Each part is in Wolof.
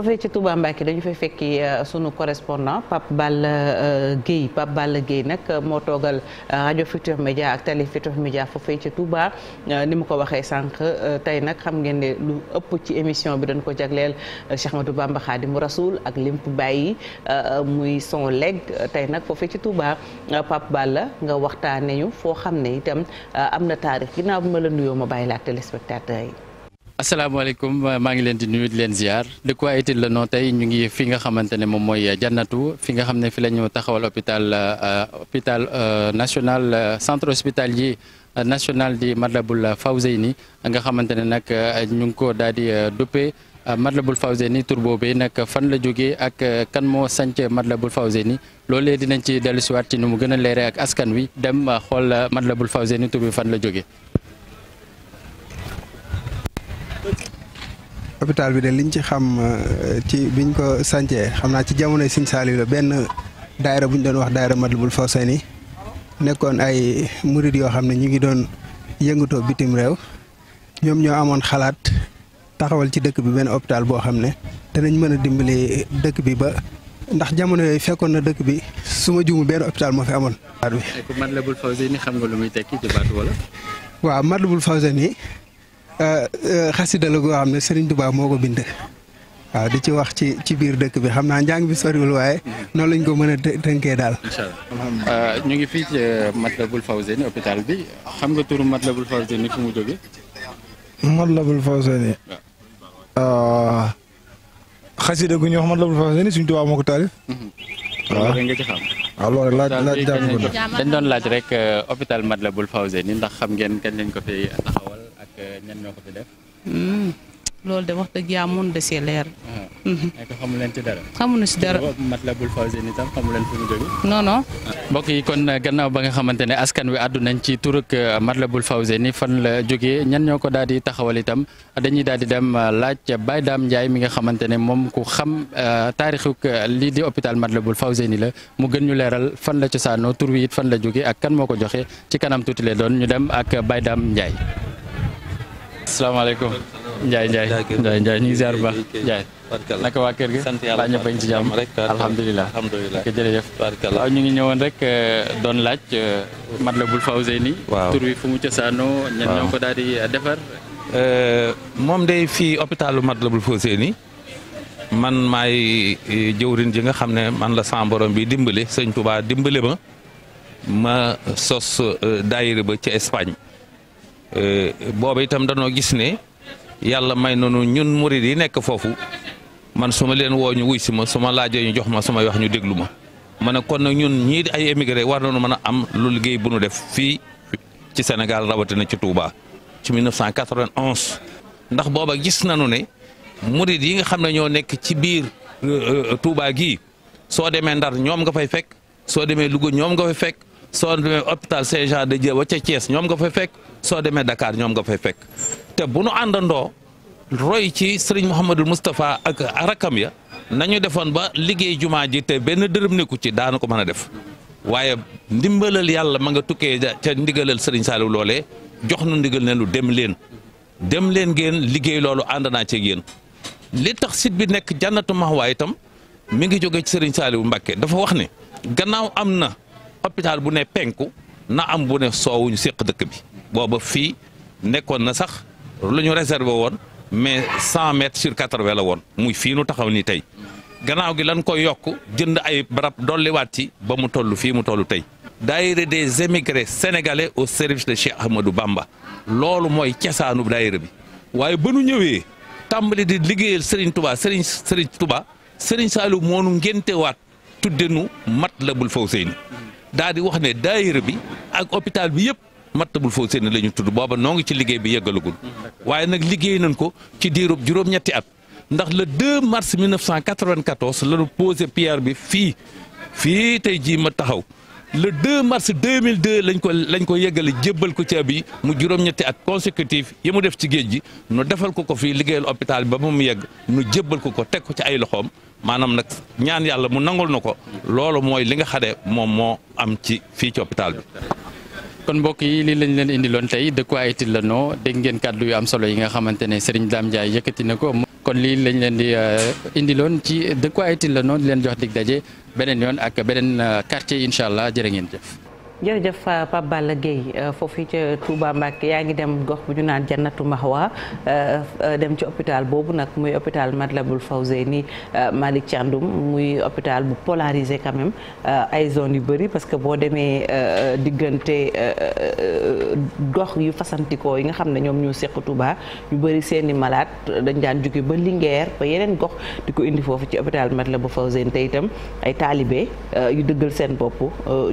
foofee ci Touba mbaaki dañu fay fekki euh, sunu correspondant Pape Balla euh, Guèye Pape Balla Guèye nag moo toogal euh, rajo Futur Média ak télé Futur Média foofee ci Touba ni ma ko waxee sànq tey nag xam ngeen ne lu ëpp ci émission bi dañ ko jagleel Cheikh Ahmadou Bamba Khadimu Rasoul ak limp bàyyi muy son leg tey nag foofee ci Touba Pape la nga waxtaanee ñu foo xam ne itam am na taarix ginnaaw bi ma la nuyoo ma bàyyi la ak téléspectateurs yi. asalaamaaleykum maa ngi leen di nuyu di leen ziar de quoi est la noo tey ñu ngi fi nga xamante ne moom mooy janatu fi nga xam ne fi la ñu taxawal hôpital euh, hôpital euh, national euh, centre hospitalier national di Matlaboul Fawzeyni nga xamante ne nag ñu ngi ko daal di duppee Matlaboul Fawzeyni turbo boobee nag fan la jógee ak kan moo sanc Matlaboul Fawzeyni loolee dinañ ci dellusiwaat ci nu mu gën a leere ak askan wi dem xool Matlaboul Fawzeyni tur bi fan la jóge hôpital bi de liñ ci xam euh, ci biñ ko sancee xam naa ci jamono Sëñ Saaliw benn daayira bu ñu doon wax daayira Matlaboul ni nekkoon ay murid yoo xam ne ñu ngi doon yëngatoo bitim réew ñoom ñoo amoon xalaat taxawal ci dëkk bi benn hôpital boo xam ne danañ mën a dimbali dëkk bi ba ndax jamono yooyu fekkoon na dëkk bi su ma juumu benn hôpital moo fi amoon. Matlaboul Fawzayni xam nga lu ni tekki ci baatu wala. waaw Matlaboul Fawzayni Euh, euh, xasida la xam ne Serigne Touba moo ko bind. waaw di ci wax ci ci biir dëkk bi xam naa njàng bi soriwul waaye noonu lañ ko mën a tënkee daal. incha euh, ñu ngi fii ci Matlaboul Fawzeyni hôpital bi xam nga turu Matlaboul Fawzeyni fu mu jógee. Matlaboul gu ñuy wax Matlaboul suñ tubaab moo ko taalif. Mm-hmm. waaw loolu nga ci xam. waaw ah, laaj laaj jàmm dañ doon laaj rek hôpital ndax xam ngeen kañ lañ ko fi ñan ñoo ko fi def. Hmm. loolu de wax dëgg yaa mun de see leer. nekk ah. hmm. xamu leen ci dara. xamuñu si dara Matlabul Fawzeyni tam xamu leen fi mu jóge. non mbokk yi kon uh, gannaaw ba nga xamante ne askan wi àddu nañ ci turuk uh, Matlabul Fawzeyni fan la jógee ñan ñoo ko daal di taxawal itam dañuy daal di dem uh, laaj Baye daam Ndiaye mi nga xamante ne moom ku xam taarixuk lii di hôpital Matlabul ni la mu gën ñu leeral fan la cosaanoo tur wi it fan la jógee ak kan moo ko joxe ci kanam tuuti lay doon ñu dem ak Baye Dame Ndiaye. salaamaaleykum Ndiaye Ndiaye Ndiaye Ndiaye ñu naka waa kër gi baa ñëpp bañ ci jàmm rek alhamdulilah alhamdulilah jërëjëf waaw ñu ngi ñëwoon rek euh, doon laaj euh, Matlabul Fawzeyni tur bi fu mu cosaanoo ñan ñoo ko daal di defar euh, moom day fii hôpitalu Matlabul Fawzeyni man maay jëwrin ji nga xam ne man la sama borom bi dimbale sëñ Touba dimbale ma ma sos daayira ba ci Espagne Euh, booba itam danoo gis ne yàlla may nanu ñun murid yi nekk foofu man suma leen woo ñu wuy si ma su ma ñu jox ma su may wax ñu déglu ma ma ne kon nag ñun ñii di ay émigré war nañu mën a am lu liggéey bu nu def fii ci Sénégal rawatina ci Touba ci 1991 ndax booba gis nañu ne murid yi nga xam ne ñoo nekk ci biir euh, euh, Touba gi soo demee Ndar ñoom nga fay fekk soo demee Louga ñoom nga fay fekk soo demee hôpital Saint Jean de Dieu ca Thiès ñoom nga fay fekk soo demee Dakar ñoom nga fay fekk te bu nu àndandoo roy ci sëriñ Mouhamadul Moustapha ak rakam ya nañu defoon ba liggéey jumaa ji te benn dërëm nekku ci daana ko mën a def waaye ndimbalal yàlla ma nga tukkee ca ndigalal sëriñ Saliou loole jox nu ndigal ne lu dem leen dem leen ngeen liggéey loolu ànd naa ceeg yéen li tax site bi nekk jànnatu Mahwa itam mu ngi jóge ci sëriñ Saliou Mbacke dafa wax ne gannaaw am na. hôpital bu ne penku na am bu ne soowuñu séq dëkk bi booba fii nekkoon na sax lu ñu réservé woon mais cent mètres sur quatre-vingts la woon muy fii nu taxaw ni tey gannaaw gi lan koy yokk jënd ay barab dolliwaat ci ba mu toll fii mu toll tey daayira des émigrés sénégalais au service de Cheikh Ahmadou Bamba loolu mooy casaanu daayira bi waaye ba nu ñëwee tàmbali di liggéeyal Serigne Touba Serigne Serigne Touba Serigne Saliou moonu ngéntewaat tudde nu mat la bul faw daal di wax ne daayira bi ak hôpital bi yëpp Matlaboul Fawzeyni la ñu tudd booba noo ngi ci liggéey bi yeggalagul waaye nag liggéey nañ ko ci diirub juróom-ñetti at ndax le 2 mars 1994 la ñu posé pierre bi fii fii tey jii ma taxaw le 2 mars 2002 lañ ko lañ ko yeggale jébbal ko ceeb yi mu juróom-ñetti at consécutif yi mu def ci géej gi nu defal ko ko fii liggéeyal hôpital bi ba mu yegg nu jébbal ko ko teg ko ci ay loxoom. maanaam nag ñaan yàlla mu nangul na ko loolu mooy li nga xade moom moo am ci fii ci hôpital bi. kon mbokk yi lii lañ leen indiloon tey dëkku Haïtil la noo dégg ngeen kàddu yu am solo yi nga xamante ne Serigne Dame Ndiaye yëkkati na ko. kon lii lañ leen di euh, indiloon ci dëkku Haïtil la noo leen jox dig daje beneen yoon ak beneen euh, quartier incha allah jërë ngeen jëf. jërëjëf euh, Pape Balla Gueye euh, foofu ci Touba Mbacke yaa ngi dem gox bu ñu naan jannatu Mahwa euh, dem ci hôpital boobu nag muy hôpital Matlaboul Fawzeyni Malick Thiandoum muy hôpital bu polarisé quand ay zones yu bëri parce que boo demee diggante gox yu fasantikoo yi nga xam ne ñoom ñoo seq Touba ñu bëri seeni malade dañ daan jóge ba Linguère ba yeneen gox di ko indi foofu ci hôpital Matlaboul Fawzeyni te itam ay taalibe yu dëggal seen bopp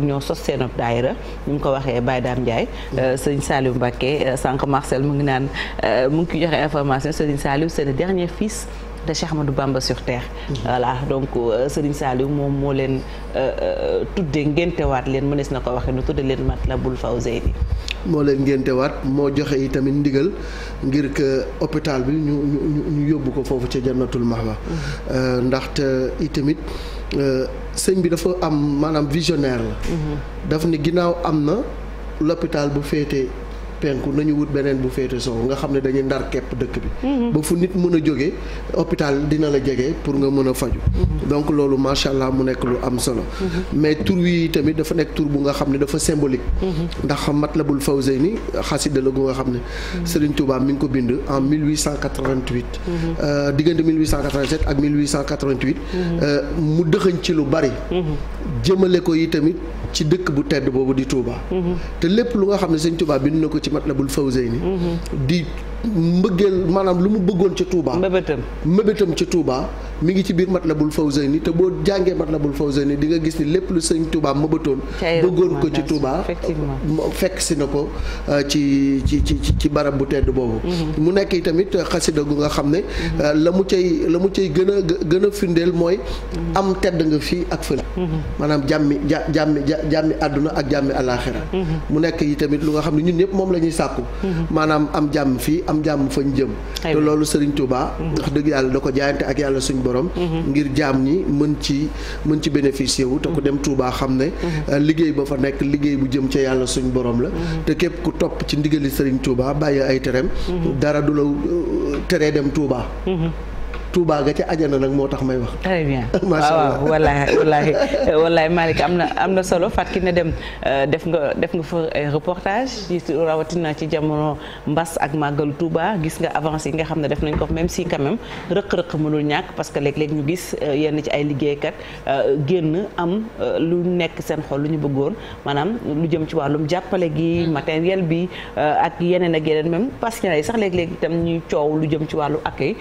ñoo sos seen hôpital daayira mu ko waxee Baye Dame Ndiaye mm. euh, sëñ Saliou Mbacké euh, sànq Marcel mu ngi naan euh, mu ngi ko joxe information sëñ Saliou c'est le dernier fils de Cheikh Amadou Bamba sur terre. voilà donc euh, Serigne Saliou moom moo leen euh, euh, tuddee ngéntewaat leen mënees na ko waxee nu tuddee leen Matlabul Fawzeyni. moo leen ngéntewaat moo joxe yi tamit ndigal ngir que hôpital bi ñu ñu ñu yóbbu ko foofu ca Jannatul Mahwa. ndaxte i tamit sëñ bi dafa am maanaam visionnaire la. Mhm. daf ni ginnaaw am na l'hôpital bu féetee. penku nañu wut beneen bu féete sow nga xam ne dañuy ndar képp dëkk bi. Mhm. ba fu nit mën a jógee hôpital dina la jege pour nga mën a faju mhm. donc loolu macha allah mu nekk lu am solo. Mhm. mais tur wi tamit dafa nekk tur bu nga xam ne dafa symbolique. ndax Matlabul Fawzeyni xasida la gu nga xam ne. Serigne Touba mi ngi ko bind en 1888. Euh, diggante ak euh, mu dëxëñ ci lu bari. jëmale ko yi tamit. ci dëkk bu tedd boobu di Touba. Mm-hmm. te lépp lu nga xam ne sëñ Touba bind na ko ci Matlabul Fawzayni mm-hmm. di mbëggeel maanaam lu mu bëggoon ca Touba. mbëbëtam mbëbëtam ca Touba. mi ngi ci biir Matlabul Fawzayni te boo jàngee Matlabul Fawzayni di nga gis ni lépp lu sëñ Touba mëbatoon bëggoon ko ci Touba fekk si na ko euh, ci ci ci ci barab bu tedd boobu mhm. mu nekk i tamit xasida nga xam ne mhm. euh, la mu cay la mu cay gën a gën a firndeel mooy mhm. am tedd nga ak fële maanaam jàmmi ja jàmmi jàmmi àdduna ak jàmmi alaaxira mu nekk lu nga xam ne ñun ñëpp moom la ñuy sàkku maanaam am jàmm sëriñ Touba wax dëgg yàlla da ko jaayante ak yàlla suñ borom. ngir jaam ni mën ci mën ci bénéficier wu. te ku dem Touba xam ne. Mhm. liggéey ba fa nekk liggéey bu jëm ca yàlla suñ borom la. Mhm. te képp ku topp ci ndigali Serigne Touba bàyyi ay tereem. Mhm. dara du la euh, teree dem Touba. Touba ga ca ajana nag moo tax may wax. très bien macha ah, allah waaw wallaahi wallaahi wallaahi Malick am na am na solo Fatou Kiné Deme euh, def nga def nga fa ay euh, reportage ci rawatina ci jamono mbas ak màggalu Touba gis nga avancé yi nga xam ne def nañ ko même si quand même rëq-rëq mënul ñàkk parce que léeg-léeg ñu gis euh, yenn ci ay liggéeykat génn am lu nekk seen xol lu ñu bëggoon maanaam lu jëm ci wàllum jàppale gi matériel bi ak yeneen ak yeneen même patients yi sax léeg-léeg itam ñuy coow lu jëm ci wàllu accueil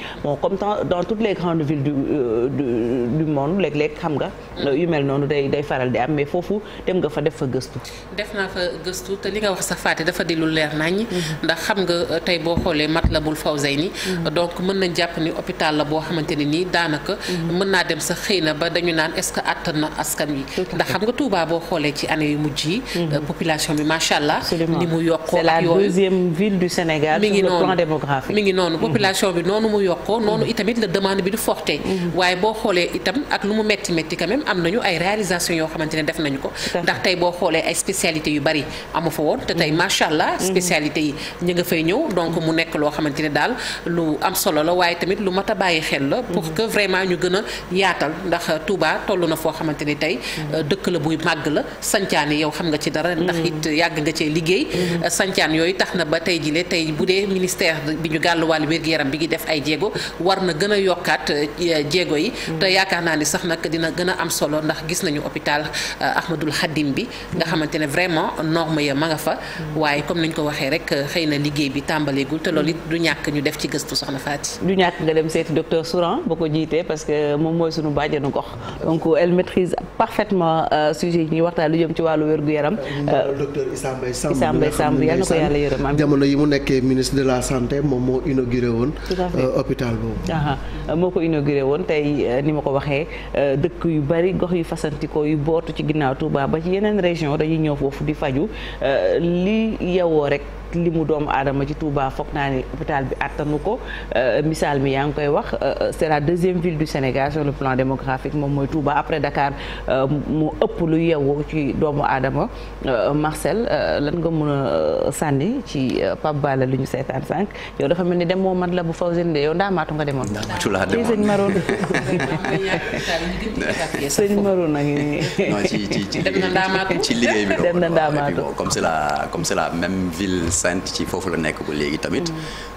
dans toutes les grandes villes du euh, du, nga. Mm. yu noonu day day faral di am foofu dem nga fa def fa gëstu. def naa fa gëstu te li nga wax sa faate dafa di leer nañ mm-hmm. ndax xam nga euh, tey boo xoolee Matlabul Fawzayni mm-hmm. donc mën nañ jàpp ni hôpital la boo xamante ne nii daanaka. Mm-hmm. mën naa dem sa xëy na ba dañu naan est-ce que àttan na askan wi. ndax xam nga Touba boo xoolee ci année yu mujj yi. Euh, population bi macha allah. ni mu yokkoo ak la deuxième ville du Sénégal. mi ngi noonu sur bi noonu mu yokkoo noonu itamit la demande bi du forte waaye boo xoolee itam ak lu mu metti metti quand même am nañu ay réalisation yoo xamante ne def nañu ko ndax tey boo xoolee ay spécialités yu bari amu fa woon te tey mm-hmm. macha allah mm-hmm. spécialités yi ñu nga fay ñëw donc mu nekk loo xamante ne daal lu am solo la waaye tamit lu mat a bàyyi xel la pour mm-hmm. que vraiment ñu gën a yaatal ndax Touba toll na foo xamante ni tey dëkk la buy màgg la sancaane yow xam nga ci dara ndax it yàgg nga cee liggéey euh, sancaan yooyu tax na ba tey jile tey bu dee ministère bi ñu gàlluwàllu wér-gu-yaram bi ngi def ay jéego a yokkaat euh, euh, jéego yi. Mm-hmm. te yaakaar naa ni sax nag dina gën a am solo ndax gis nañu hôpital euh, Ahmadul Xadim bi. nga mm-hmm. xamante ne vraiment norme ya ma nga fa. Mm-hmm. waaye comme ni ñu ko waxee rek xëy na liggéey bi tàmbaleegul te loolu it du ñàkk ñu def ci gëstu soxna Fati. du ñàkk nga dem seeti docteur Souran ba ko jiitee parce que moom mooy suñu bàjjenu gox donc elle maîtrise parfaitement sujet yi ñuy waxtaan lu jëm ci wàllu wér-gu-yaram. docteur Issa Mbaye Samb Issa Mbaye Samb yal na ko yàlla yërëm jamono yi mu nekkee ministre de la santé moom moo inauguré woon hôpital boobu moo ko inauguré woon tey euh, ni ma ko waxee euh, dëkk yu bari gox yu fasantikoo yu bootu ci ginnaaw Touba ba ci yeneen région dañuy ñëw foofu di faju euh, li yewoo rek limu doomu aadama ci Touba foog naa ne hôpital bi attanu ko euh, misaal mi yaa ngi koy wax euh, euh, c'est la deuxième ville du Sénégal sur le plan démographique moom mooy Touba après Dakar mu ëpp lu yeewoo ci doomu aadama Marcel lan nga mën a sànni ci Pape Bala lu ñu seetaan sànq yow dafa mel ni demoo man la bu faw seen yow ndaamaatu nga demoon. ndaamaatu laa demoon a ngi nii. ci la comme ville. enceinte ci foofu la nekk ba léegi tamit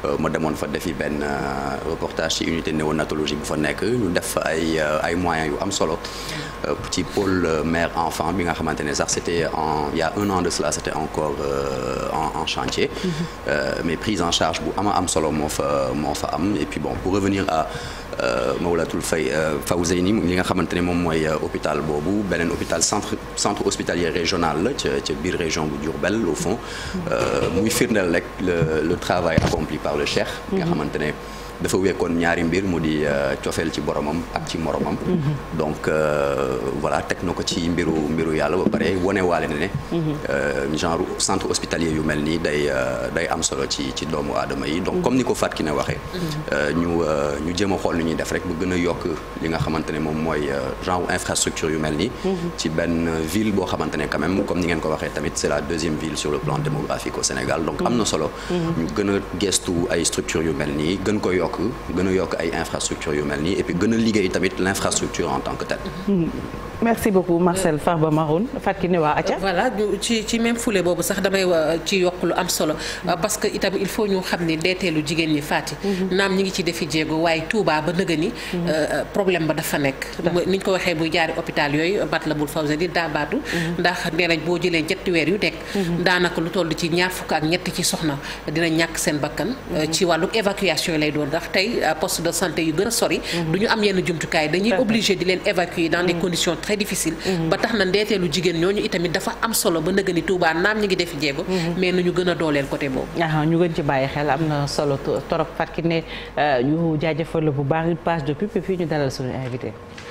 euh, ma demoon fa defi benn euh, reportage ci unité néonatologie bu fa nekk ñu def fa ay euh, ay moyens yu am solo ci pôle mère enfant bi nga xamante ne sax c'était en il un an de cela c'était encore en en chantier mm-hmm. mais prise en charge bu ama am solo moo fa moo fa am et puis bon pour revenir à Euh, Mawlatul Fay euh, Fawzeyni li nga xamante ne moom mooy euh, hôpital boobu beneen hôpital centre centre hospitalier régional la ca ca biir région bu Diourbel au fond muy firndeel rek le le travail accompli par le Cheikh nga mhm. xamante ne dafa wekkoon ñaari mbir mu di euh, cofeel ci boromam ak ci moromam. Mhm. donc euh, voilà teg na ko ci mbiru mbiru yàlla ba pare wane waale ne ne. Mhm. Euh, genre centre hospitalier yu mel nii day am solo ci ci doomu aadama yi. donc mhm. comme ni ko Fatou ki waxee. ñu ñu jéem a xool ni ñuy def rek bu gën yokk li nga xamante ne moom mooy genre infrastructure yu mel nii. ci benn ville boo xamante ne quand comme ni ngeen ko waxee tamit c'est la deuxième ville sur le plan démographique au Sénégal donc a gestu yu mel nii gën ko yokk yokk gën a yokk ay infrastructures yu mel nii et puis gën a liggéey tamit l' en tant que telle. Hmm. merci beaucoup Marcel Farba Maroun Fatou Kiné waa Aca. voilà ci ci même boobu sax damay euh, ci yokk lu am solo. Euh, parce que itam il faut ñoo xam ni deeteelu jigéen ñi Fati. Mhm. naam ñi ngi ci defi jéego waaye Touba ba nëgë ni. Mhm. Euh, problème ba dafa nekk. ni ñu ko waxee buy jaari hôpital yooyu Matlaboul Fawzayni daa baatu. Mhm. ndax nee nañ boo jëlee ñetti weer yu dekk. daanaka lu toll ci ñaar fukk ak ñett ci soxna dina ñàkk seen bakkan. ci wàllu évacuation lay doon ndax tey poste de santé yu gën a sori. du ñu am jumtukaay dañuy obligé di leen évacuer dans des conditions très difficile mhm. ba tax na ndeeteelu jigéen ñooñu itamit dafa am solo ba nëgëni Touba naam ñu ngi defi jéego mhm. mais nañu gën a dooleel côté boobu ah, ñu gën ci bàyyi xel am na solo torop Fatou Kiné euh, ñu jaajëfal bu baax une page de pub et ñu dalal suñu invité